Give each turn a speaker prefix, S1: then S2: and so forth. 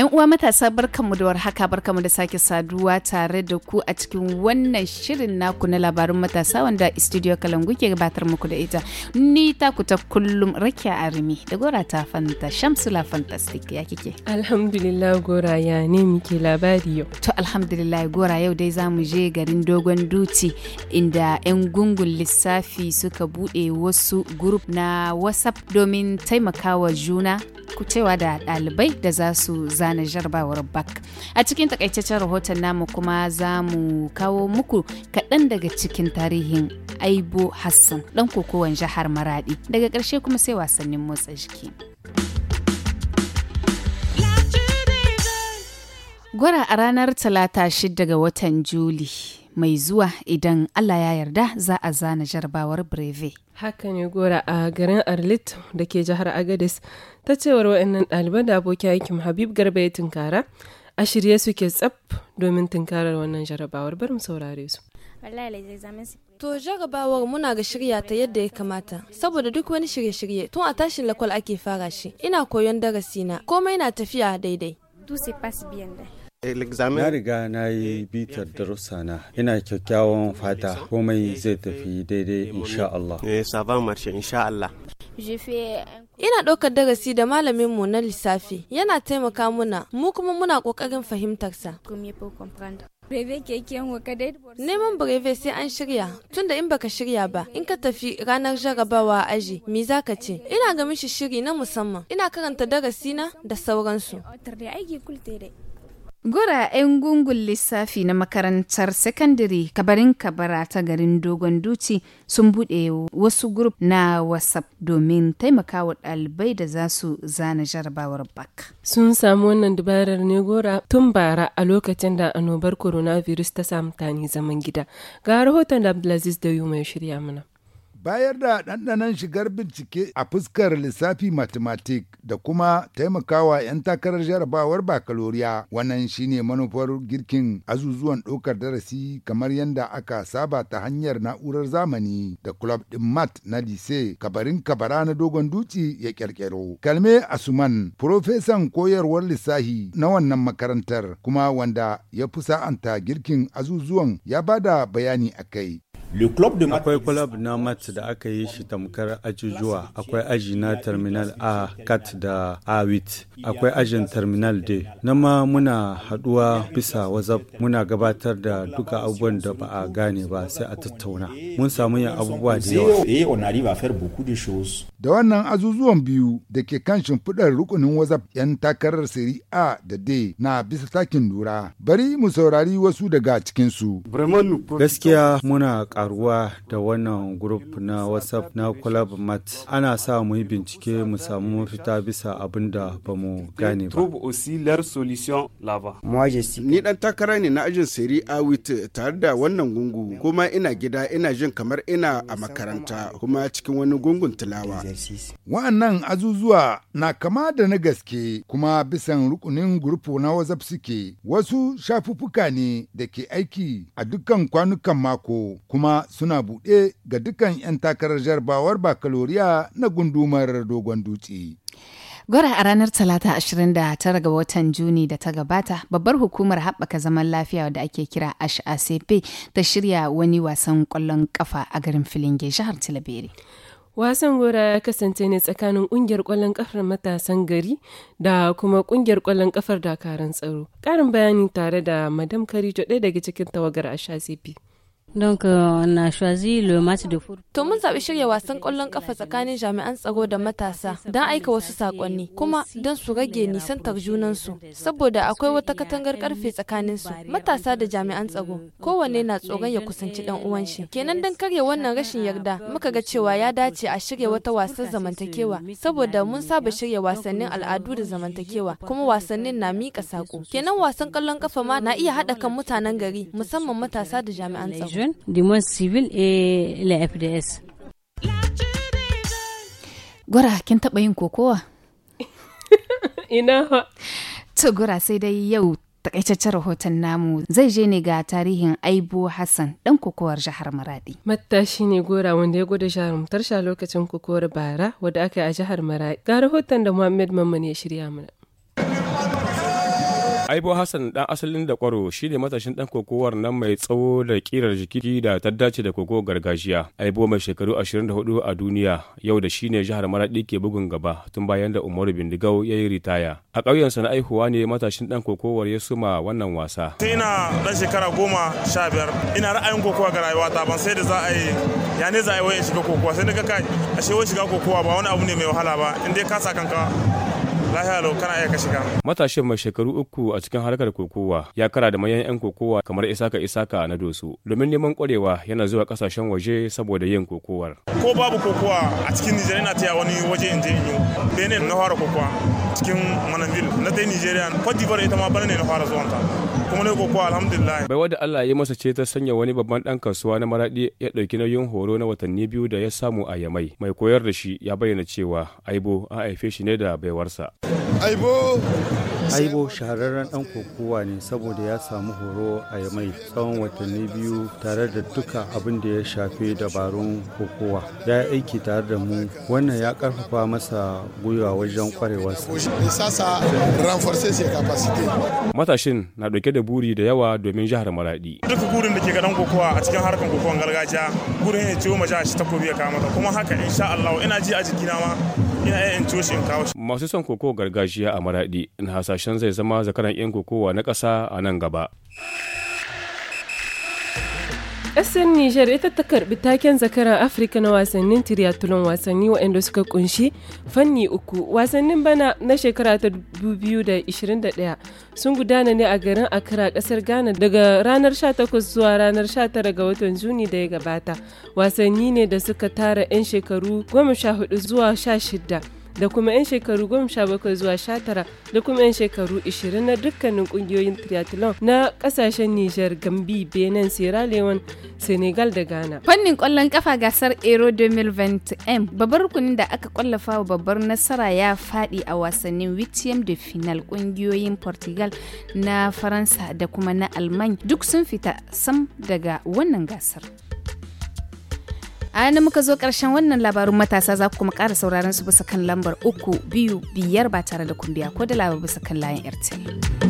S1: 'Yan uwa matasa barkanmu da warhaka barkanmu da sake saduwa tare da ku a cikin wannan shirin naku na labarin matasa wanda studio Kalangu ke gabatar muku da ita. Ni ta ku ta kullum Rakiya Arimi da Gora ta Fanta Shamsula Fantastic ya kike.
S2: Alhamdulillah Gora ya ne
S1: muke labari yau. To alhamdulillah Gora yau dai za mu je garin Dogon Duti inda 'yan gungun lissafi suka bude wasu gurup na WhatsApp domin taimakawa juna cewa da ɗalibai da za su zana jarabawar bak a cikin takaitaccen rahoton namu kuma za mu kawo muku kaɗan daga cikin tarihin aibo hassan ɗan kokowan jihar maradi daga ƙarshe kuma sai wasannin motsa jiki. Gwara a ranar talata shida ga watan Juli. mai zuwa idan Allah ya yarda za a zana jarabawar breve.
S2: Haka ne gora a garin Arlit da ke jihar agadis ta cewar wa'annan ɗaliban da aboki aikin Habib Garba ya tunkara a shirye suke tsaf domin tunkarar wannan jarabawar bari saurare su.
S3: To jarabawar muna ga shirya ta yadda ya kamata, saboda duk wani shirye-shirye tun a tashin lakwal ake fara shi, ina koyon darasi na komai na tafiya daidai.
S4: Eh, na riga na yi eh, bitar darussa na ina kyakkyawan fata komai zai tafi eh, daidai insha Allah. Allah.
S3: Ina ɗaukar darasi da malamin mu na lissafi yana taimaka muna mu kuma muna ƙoƙarin fahimtarsa. Neman breve sai an shirya, tunda in baka shirya ba, in ka tafi ranar jarabawa aji, me za ka ce? Ina ga mishi shiri na musamman, ina karanta darasi na da sauransu.
S1: Gura 'yan gungun lissafi na makarantar sakandare kabarin kabara ta garin Dogon Duci sun buɗe wasu grup na WhatsApp domin taimakawa ɗalibai da za su zana jarabawar bak.
S2: Sun samu wannan dabarar ne gora tun bara a lokacin da annobar coronavirus ta samu tani zaman gida. Ga rahoton da Abdulaziz da ya shirya mana.
S5: bayar da ɗanɗanon shigar bincike a fuskar lissafi matematik da kuma taimakawa 'yan takarar jarabawar bakaloriya wannan shine manufar girkin azuzuwan ɗaukar darasi kamar yadda aka saba ta hanyar na'urar zamani da club ɗin mat na lise kabarin kabara na dogon dutse ya ƙirƙiro kalme asuman profesan koyarwar lissafi na wannan makarantar kuma wanda ya fi girkin azuzuwan ya bada bayani akai akwai
S4: club na mat da aka yi shi tamkar ajujuwa akwai aji na terminal a kat da awit akwai ajin terminal d na ma muna haduwa bisa whatsapp muna gabatar da duka abubuwan da ba a gane ba sai a tattauna mun samu yin abubuwa da yawa eh,
S5: da wannan azuzuwan biyu da ke kan shimfiɗar rukunin whatsapp 'yan takarar siri a da d na bisa takin lura bari mu saurari wasu daga cikinsu
S4: gaskiya muna karuwa da wannan grup na WhatsApp na Collab Mat ana sa mu yi bincike mu samu mafita bisa abin da ba mu gane ba.
S5: Ni dan takara ne na ajin a Awit tare da wannan gungu kuma ina gida ina jin kamar ina a makaranta kuma cikin wani gungun tilawa. Wa'annan azuzuwa na kama da na gaske kuma bisan rukunin gurfu na WhatsApp suke wasu shafuffuka ne da ke aiki a dukkan kwanukan mako kuma suna buɗe ga dukkan 'yan 'yan takarar jarabawar bakaloriya na gundumar dogon dutse.
S1: Gwara a ranar Talata 29 ga watan Juni da ta gabata, babbar hukumar haɓaka zaman lafiya da ake kira HACP ta shirya wani wasan ƙwallon kafa a garin Filinge, jihar Tilabere.
S2: Wasan gora ya kasance ne tsakanin kungiyar kwallon kafar matasan gari da kuma ƙungiyar kwallon kafar dakaran tsaro. Karin bayani tare da Madam Karijo ɗaya daga cikin tawagar a Donc euh, on a choisi le match de foot.
S3: To mun zaɓi shirya wasan ƙwallon ƙafa tsakanin jami'an tsaro da matasa don aika wasu saƙonni kuma don su rage nisantar su saboda akwai wata katangar ƙarfe tsakaninsu matasa da jami'an tsaro kowanne na tsoron ya kusanci ɗan uwan shi. Kenan don karya wannan rashin yarda muka ga cewa ya dace a shirya wata wasan zamantakewa saboda mun saba shirya wasannin al'adu da zamantakewa kuma wasannin na miƙa saƙo. Kenan wasan ƙwallon ƙafa ma na iya haɗa kan mutanen gari musamman matasa da jami'an tsaro.
S2: jeunes, du civil et eh, la FDS. Gora, kin taɓa yin kokowa? Ina
S1: To Gora sai dai yau takaitaccen rahoton namu zai je ne ga tarihin Aibo Hassan ɗan kokowar jihar Maradi.
S2: Matashi ne gora wanda ya gwada jihar mutarsha lokacin kokowar bara wadda aka yi a jihar Maradi. Ga rahoton da Muhammad Mamman ya shirya mana.
S6: Aibo Hassan dan asalin da kwaro shine matashin dan kokowar nan mai tsawo da kirar jiki da ta dace da koko gargajiya. Aibo mai shekaru 24 a duniya yau da shine jihar Maradi ke bugun gaba tun bayan da Umaru Bindigau ya yi ritaya. A sa na aihuwa ne matashin dan kokowar ya suma wannan wasa. Ina dan shekara goma sha biyar ina ra'ayin kokowa ga rayuwata ban sai da za a yi ya ne za a yi wai shiga kokowa sai na ga kai ashe wai shiga kokowa ba wani abu ne mai wahala ba in dai ka sa kanka lahiya kana iya kashe ka. Matashin mai shekaru uku a cikin harkar kokowa ya kara da manyan 'yan kokowa kamar Isaka Isaka na dosu Domin neman kwarewa yana zuwa kasashen waje saboda yin kokowar. Ko babu kokowa a cikin Nijar yana taya wani waje in je in yi. Benin na fara kokowa cikin Manambil na dai Nijeriya. Cote d'Ivoire ita ma bana ne na fara zuwanta. kuma ne kokowa alhamdulillah bai wanda Allah ya masa ce ta sanya wani babban dan kasuwa na maradi ya dauki nauyin horo na watanni biyu da ya samu a Yamai mai koyar da shi ya bayyana cewa Aibo an haife shi ne da baiwarsa
S4: Aibo Aibo shahararren ɗan kokowa ne saboda ya samu horo a Yamai tsawon watanni biyu tare da duka abin da ya shafi dabarun kokowa. Ya yi aiki tare da mu wannan ya karfafa masa
S6: gwiwa wajen kwarewarsa. Matashin na ɗauke da buri da yawa domin jihar Maraɗi. Duk burin da ke gadon kokowa a cikin harkar kokowar gargajiya gurin ya ciwo maja shi takobi ya kama kuma haka insha Allah ina ji a jikina ma ina iya in ciwo in kawo shi. Masu son koko gargajiya a Maraɗi na hasashen zai zama zakaran 'yan kokowa na ƙasa a nan gaba.
S2: Ƙasar Nijar ita ta karbi taken zakaran Afirka na wasannin triathlon wasanni waɗanda suka kunshi fanni uku. Wasannin bana na shekara ta 2021 sun gudana ne a garin Accra ƙasar Ghana daga ranar 18 zuwa ranar 19 ga watan Juni da ya gabata. Wasanni ne da suka tara 'yan shekaru 14 zuwa 16. da kuma 'yan shekaru 17 zuwa 19 da kuma 'yan shekaru 20 na dukkanin kungiyoyin triathlon na kasashen Nijar, Gambi, Benin, Sierra Leone, Senegal da Ghana.
S1: Fannin kwallon kafa gasar Aero 2020M babbar rukunin da aka kwallafa wa babbar nasara ya faɗi a wasannin WTM da final kungiyoyin Portugal na Faransa da kuma na Alman duk sun fita sam daga wannan gasar. a yana muka zo karshen wannan labarin matasa za ku kuma ƙara sauraron su bisa kan lambar uku biyu biyar ba tare da kumbiya ko da labar bisa kan layin airtel.